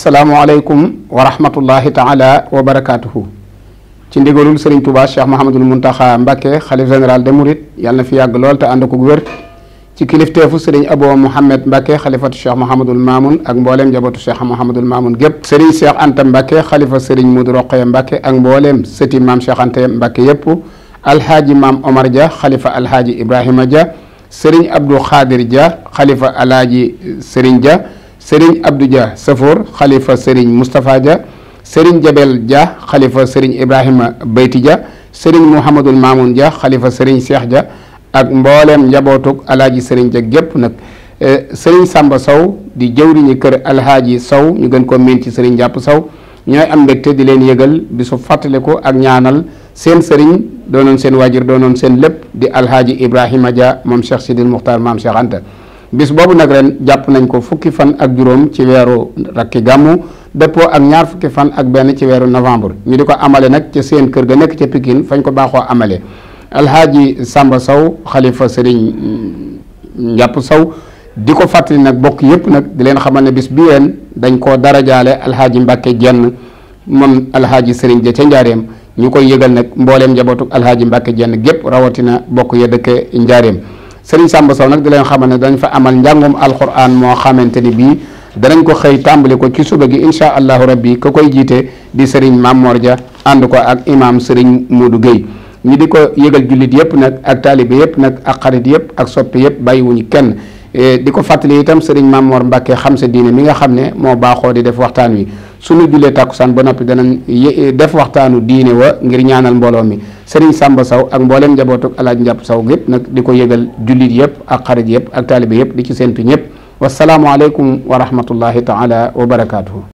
salaamualeykum wa rahmatullahi taala wa barakaatuhu ci ndigalul Serigne Touba Cheikh Mouhamadul Mountakha Mbacké xalif général de Mouride yàlla na fi yàgg lool te ànd ko wér ci kilifteefu Serigne Abo Mouhamed Mbacké xalifatu Cheikh Mouhamadul Mamoun ak mboolem njabootu Cheikh Mouhamadul Mamoun gépp Serigne Cheikh Anta Mbacké xalifa Serigne Modou Rokhaya Mbacké ak mboolem sëti maam Cheikh Anta Mbacké yépp alhaaji maam Omar Dia xalifa alhaaji Ibrahima Dia Serigne Abdou Khadir Dia xalifa alhaaji Serigne Dia. Serigne Abdou Dia Safoor xalifa Serigne Moustapha Dia Serigne Jabel Dia xalifa Serigne Ibrahima Bayti Dia Serigne Mouhamadul Mamoun Dia xalifa Serigne Cheikh Dia ak mbooleem njabootug alaaji Serigne Dia gépp nag eh, Serigne Samba saw di jëwriñi kër alhaaji Sow ñu gën ko miin ci Serigne Jàpp Sow ñooy am mbégte di leen yëgal bisu fàttaliku ak ñaanal seen sëriñ doonoon seen waajur doonoon seen lépp di alhaaji Ibrahima Dia moom Cheikh Sidil Muxtaar maam Cheikh Anta bis boobu nag ren jàpp nañ ko fukki fan ak juróom ci weeru rakki gàmmu dëppoo ak ñaar fukki fan ak benn ci weeru novembre ñu di ko amale nag ca seen kër ga nekk ca Pikine fañ ko baaxoo amale alhaaji Samba Sow xalifa sëriñ Njàpp Sow di ko fàttali nag bokk yépp nag di leen xamal ne bis bi ween dañ koo darajaale alhaaji Mbàkke jenn moom alhaaji Serigne de ca njaareem ñu koy yëgal nag mbooleem njabootuk alhaaji Mbàkke jenn gépp rawatina bokk ya dëkke njaareem Serigne Samba Sow nag di leen xamal ne dañ fa amal njàngum alquran moo xamante ni bii danañ ko xëy tàmbali ko ci suba gi incha allahu rabbi ka koy jiite di Serigne màmmoor ja ànd ko ak imam Serigne Modou Guèye ñi di ko yëgal jullit yëpp nag ak taalibe yëpp nag ak xarit yëpp ak soppe yëpp bàyyiwuñu kenn eh, di ko fàttali itam Serigne Mamor Mbacke xam sa diine mi nga xam ne moo baaxoo di def waxtaan wi. suñu julee tàkkusaan ba noppi danañ def waxtaanu diine wa ngir ñaanal mbooloo mi sëriñ Samba saw ak mbooleem njabootuk alaaj njàpp saw gépp nag di ko yëgal jullit yëpp ak xarit yëpp ak taalibe yëpp di ci séntu ñëpp wasalaamualeykum wa rahmatullahi taala wa barakaatuhu